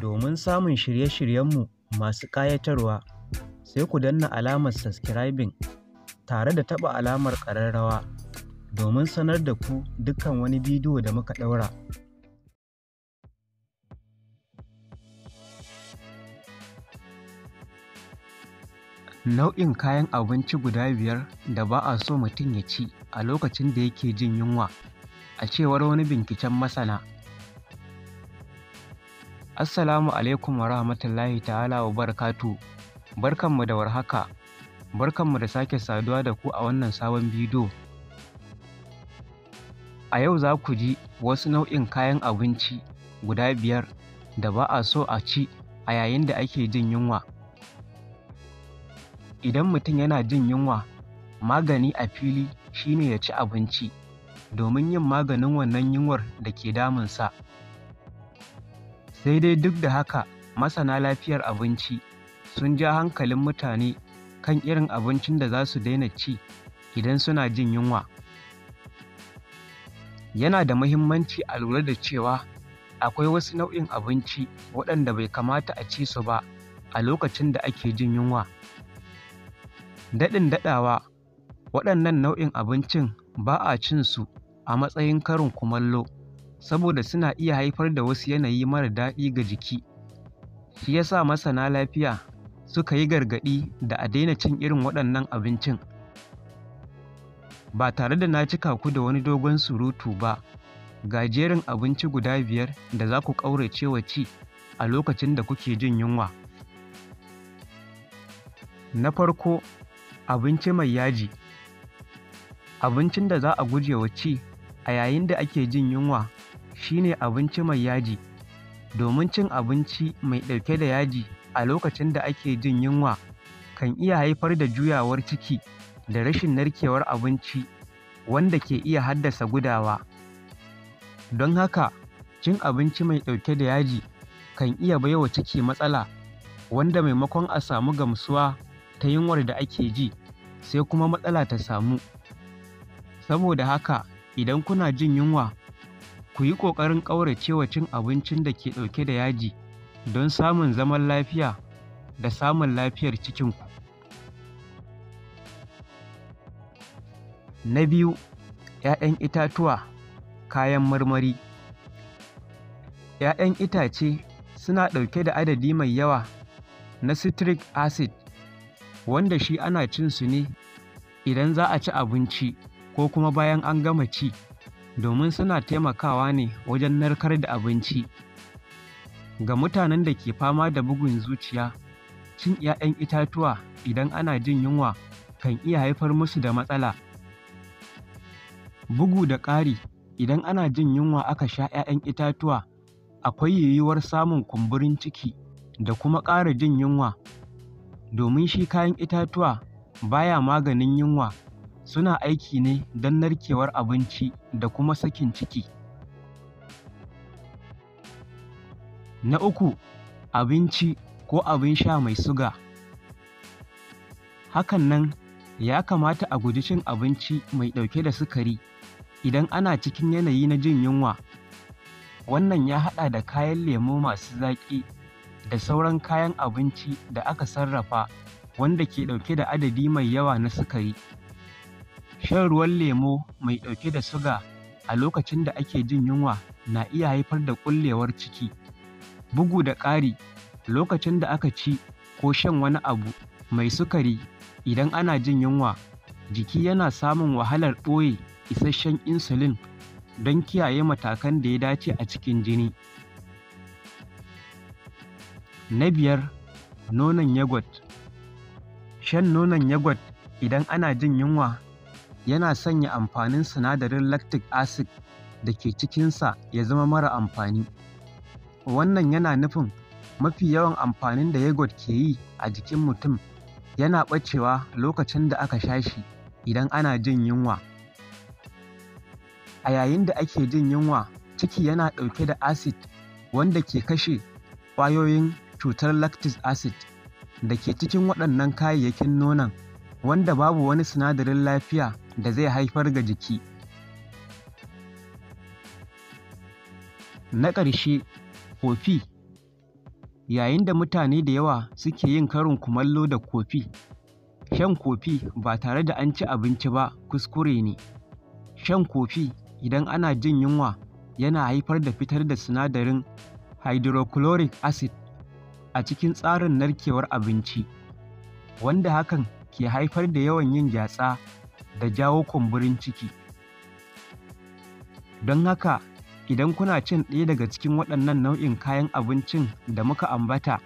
Domin samun shirye-shiryenmu masu ƙayatarwa, sai ku danna alamar subscribing tare da taɓa alamar ƙararrawa domin sanar da ku dukkan wani bidiyo da muka ɗaura. Nau'in kayan abinci guda biyar da ba a so mutum ya ci a lokacin da yake jin yunwa, a cewar wani binciken masana. Assalamu alaikum wa rahmatullahi ta'ala wa barakatu. Barkanmu da warhaka. Barkanmu da sake saduwa da ku a wannan sabon bidiyo. A yau za ku ji wasu nau'in kayan abinci guda biyar da ba a so a ci a yayin da ake jin yunwa. Idan mutum yana jin yunwa, magani a fili shine ya ci abinci domin yin maganin wannan yunwar da ke damunsa. sa. Sai dai duk da haka, masana lafiyar abinci sun ja hankalin mutane kan irin abincin da za su daina ci idan suna jin yunwa. Yana da muhimmanci a lura da cewa akwai wasu nau'in abinci waɗanda bai kamata a ci su ba a lokacin da ake jin yunwa. Daɗin daɗawa, waɗannan nau'in abincin ba a cin su a matsayin karin kumallo saboda suna iya haifar da wasu yanayi mara daɗi ga jiki. Shi ya sa masana lafiya suka yi gargaɗi da a daina cin irin waɗannan abincin. Ba tare da na cika ku da wani dogon surutu ba, ga jerin abinci guda biyar da za ku ƙaurace wa ci a lokacin da kuke jin yunwa. Na farko, abinci mai yaji. Abincin da za a guje wa ci a yayin da ake jin yunwa Shi ne abinci mai yaji domin cin abinci mai ɗauke da yaji a lokacin da ake jin yunwa kan iya haifar da juyawar ciki da rashin narkewar abinci wanda ke iya haddasa gudawa don haka cin abinci mai ɗauke da yaji kan iya baiwa ciki matsala wanda maimakon a samu gamsuwa ta yunwar da ake ji sai kuma matsala ta samu saboda haka idan kuna jin yunwa ku yi ƙoƙarin ƙauracewa cin abincin da ke ɗauke da yaji don samun zaman lafiya da samun lafiyar cikinku. Na biyu, 'ya'yan itatuwa, kayan marmari. 'Ya'yan itace suna ɗauke da adadi mai yawa na citric acid wanda shi ana cin su ne idan za a ci abinci ko kuma bayan an gama ci. domin suna taimakawa ne wajen narkar da abinci. Ga mutanen da ke fama da bugun zuciya, cin 'ya'yan itatuwa idan ana jin yunwa kan iya haifar musu da matsala. Bugu da ƙari, idan ana jin yunwa aka sha 'ya'yan itatuwa, akwai yiwuwar samun kumburin ciki da kuma ƙara jin yunwa, domin shi kayan itatuwa baya maganin yunwa Suna aiki ne don narkewar abinci da kuma sakin ciki. Na uku, abinci ko abin sha mai suga. Hakan nan, ya kamata a guji cin abinci mai ɗauke da sukari idan ana cikin yanayi na jin yunwa. Wannan ya haɗa da kayan lemo masu zaƙi da sauran kayan abinci da aka sarrafa wanda ke ɗauke da adadi mai yawa na sukari. Shan ruwan lemo mai ɗauke da suga a lokacin da ake jin yunwa na iya haifar da ƙullewar ciki. Bugu da ƙari, lokacin da aka ci ko shan wani abu mai sukari idan ana jin yunwa, jiki yana samun wahalar ɓoye isasshen insulin don kiyaye matakan da ya dace a cikin jini. Na biyar, nonon yagot: Shan nonon yagot idan ana jin yunwa yana sanya amfanin sinadarin lactic acid da ke cikinsa ya zama mara amfani. Wannan yana nufin mafi yawan amfanin da yogurt ke yi a jikin mutum yana ɓacewa lokacin da aka sha shi idan ana jin yunwa. A yayin da ake jin yunwa, ciki yana ɗauke da acid wanda ke kashe ƙwayoyin cutar lactic acid da ke cikin waɗannan kayayyakin nonon. wanda babu wani sinadarin lafiya da zai haifar ga jiki. Na ƙarshe, kofi. Yayin da mutane da yawa suke yin karin kumallo da kofi, shan kofi ba tare da an ci abinci ba kuskure ne. Shan kofi idan ana jin yunwa yana haifar da fitar da sinadarin hydrochloric acid a cikin tsarin narkewar abinci, wanda hakan ke haifar da yawan yin gyatsa da jawo kumburin ciki. Don haka, idan kuna cin ɗaya daga cikin waɗannan nau'in kayan abincin da muka ambata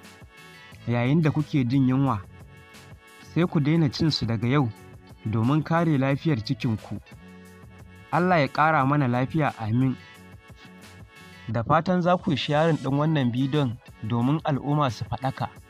yayin da kuke jin yunwa, sai ku daina cin su daga yau domin kare lafiyar cikinku. Allah ya ƙara mana lafiya amin. Da fatan za ku yi sharin ɗin wannan bidon domin al'umma su faɗaka.